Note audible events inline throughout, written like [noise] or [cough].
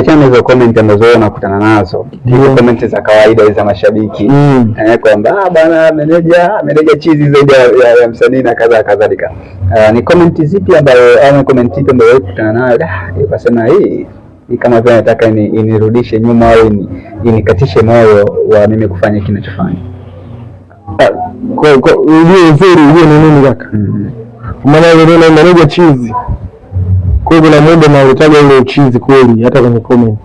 unachochana hizo comment ambazo unakutana nazo hizo comment za kawaida za mashabiki mm. eh, kwamba ah, bwana meneja meneja chizi zaidi ya, ya, ya msanii na kadha kadhalika. Uh, ni comment zipi ambayo au comment ipi ambayo unakutana nayo ah, ukasema hii ni kama vile nataka inirudishe nyuma au inikatishe moyo wa mimi kufanya kinachofanya ah, ulio uzuri ulio ni nini kaka, mm-hmm. maana neno meneja chizi kwa hiyo kuna muda utaja ile uchizi kweli, hata kwenye comment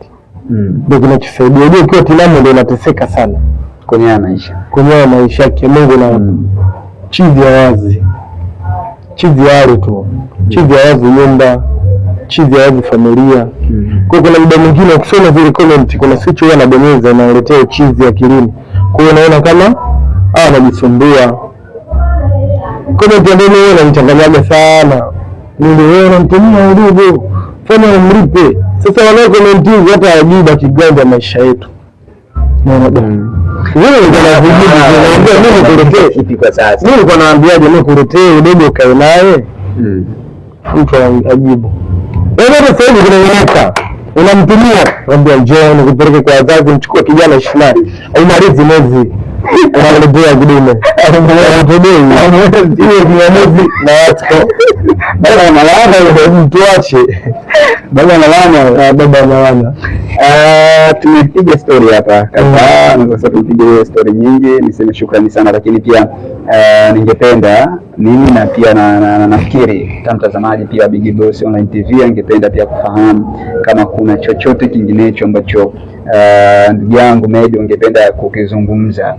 mm. ndio kinachosaidia. Unajua, ukiwa tilamu ndio unateseka sana kwenye haya maisha, kwenye haya maisha yake Mungu na mm. chizi ya wazi, chizi ya wale tu mm. chizi ya wazi nyumba, chizi ya wazi familia mm. kwa hiyo kuna muda mwingine ukisoma zile comment, kuna switch huwa anabonyeza unaletea chizi ya kilimo. Kwa hiyo unaona kama ah, anajisumbua comment, ndio ndio inachanganyaga sana niliwe namtumia udugu fanya umlipe. Sasa wanaokomentizi hata hawajui background maisha yetu mm. ah, ah, ah, nilikuwa naambiaje, mimi kuletee udogo ukae naye mm. mtu ajibu. Sasa hivi unamtumia ambia, njoo nikupeleke kwa wazazi, kijana ishirini, umalizi mwezi unaletea kidume mwezi na watu baba nalana, tuache [laughs] baba nalana, ah, baba Ah, Tumepiga stori hapa kadhaa, mm. sasa tumepiga stori nyingi. Niseme shukrani sana, lakini pia ah, ningependa mimi na pia nafikiri kama mtazamaji pia Big Boss Online TV angependa pia kufahamu kama kuna chochote kinginecho ambacho ah, ndugu yangu Medi ungependa kukizungumza.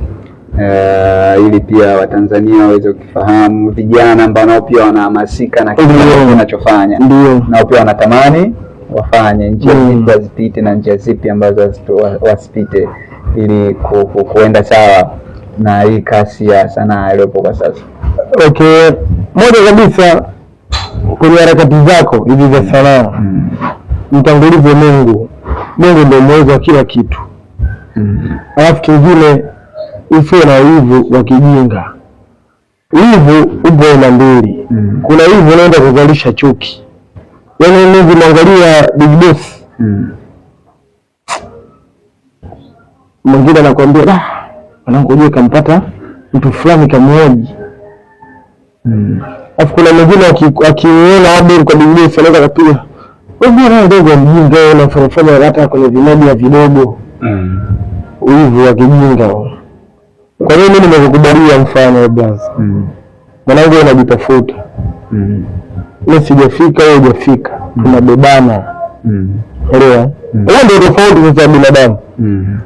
Uh, ili pia Watanzania waweze kufahamu, vijana ambao nao pia wanahamasika na kile wanachofanya, nao pia wanatamani wafanye njia mm. zipi wazipite na njia zipi ambazo wasipite ili ku, ku, kuenda sawa na hii kasi ya sanaa iliyopo kwa sasa. Okay, moja kabisa kwenye harakati zako hizi za sanaa mm. mtangulize Mungu. Mungu ndio mwezo wa kila kitu, mm. alafu kingine usiwe na wivu wa kijinga. Wivu upo aina mbili mm. kuna wivu unaenda kuzalisha chuki, yaani mimi naangalia Big Boss mwingine anakuambia ah, mwanangu kampata mtu fulani kamuoji mm. afu kuna mwingine akiona abel kwa Big Boss anaweza kapiga ndogo mjinga, unafanya hata kwenye vilabu ya vidogo. Mm. Wivu wa kijinga kwa nini mimi nimekukubalia mfano eh, blaza? Mm. Mwanangu wewe unajitafuta. Mm. Mimi sijafika wewe hujafika. Mm. Tunabebana. Mm. Elewa? Mm. Wewe ndio tofauti sasa binadamu. Mm.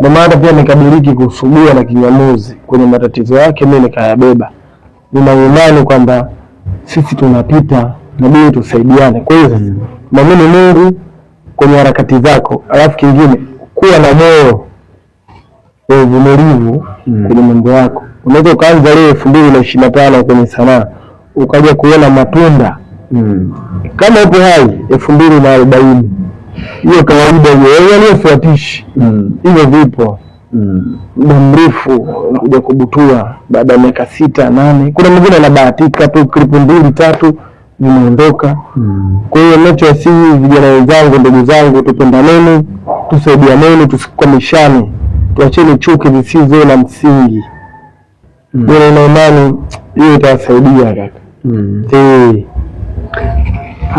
Ndio maana pia nikabiliki kusugua na kinyamuzi kwenye matatizo yake mimi nikayabeba. Nina imani kwamba sisi tunapita nabidi tusaidiane. Kwa hiyo mm. mwamini Mungu kwenye harakati zako, alafu kingine kuwa na moyo wa uvumilivu mm. kwenye mambo yako. Unaweza ukaanza leo elfu mbili na ishirini na tano kwenye sanaa ukaja kuona matunda mm. kama upo hai elfu mbili na arobaini hiyo kawaida hiyo aliofuatishi mm. hivyo mm. vipo muda mm. mrefu unakuja kubutua baada ya miaka sita nane. Kuna mwingine anabahatika tu klipu mbili tatu zinaondoka. mm. kwa hiyo nachowasihi vijana wenzangu, ndugu zangu, tupendaneni, tusaidianeni, tusikwamishane tuacheni chuki zisizo na msingi. Mimi na imani hiyo itasaidia kaka. mm.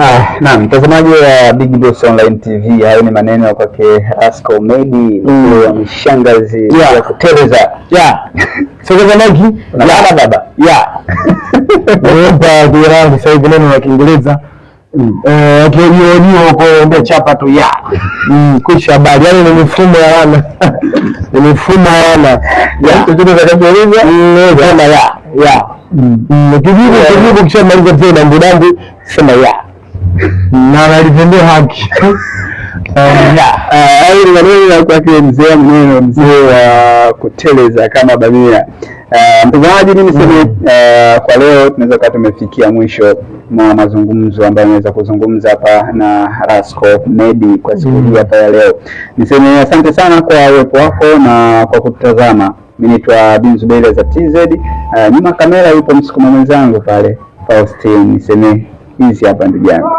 Eh. na mtazamaji wa Big Boss Online TV, hayo ni maneno ya kwake Asko Medi wa mshangazi mm. ya kuteleza. Yeah. [laughs] Sogeza maiki. Ya baba. Ya. [laughs] Niomba jirani sasa hivi neno la Kiingereza mm. Eh, akiojiojiwa huko ndio chapa tu ya [laughs] Mm, kuisha habari, yaani ni mfumo wa laana mifumo yaani mm, mm. kijibu kishamaliza vizuri, dambu dambu, sema ya na nalitendea haki [laughs] um, [laughs] uh, mzee mneno mzee wa kuteleza kama bamia Eh, mtazamaji mimi niseme uh, kwa leo tunaweza kuwa tumefikia mwisho mwa mazungumzo ambayo ameweza kuzungumza hapa na Rasco Medi kwa siku hii hapa ya leo. Niseme asante sana kwa uwepo wako na kwa kutazama. Mimi naitwa Bin Zubeda za TZ. Uh, eh, nyuma kamera yupo msukuma mwenzangu pale Faustin. Niseme hizi hapa ndugu yangu.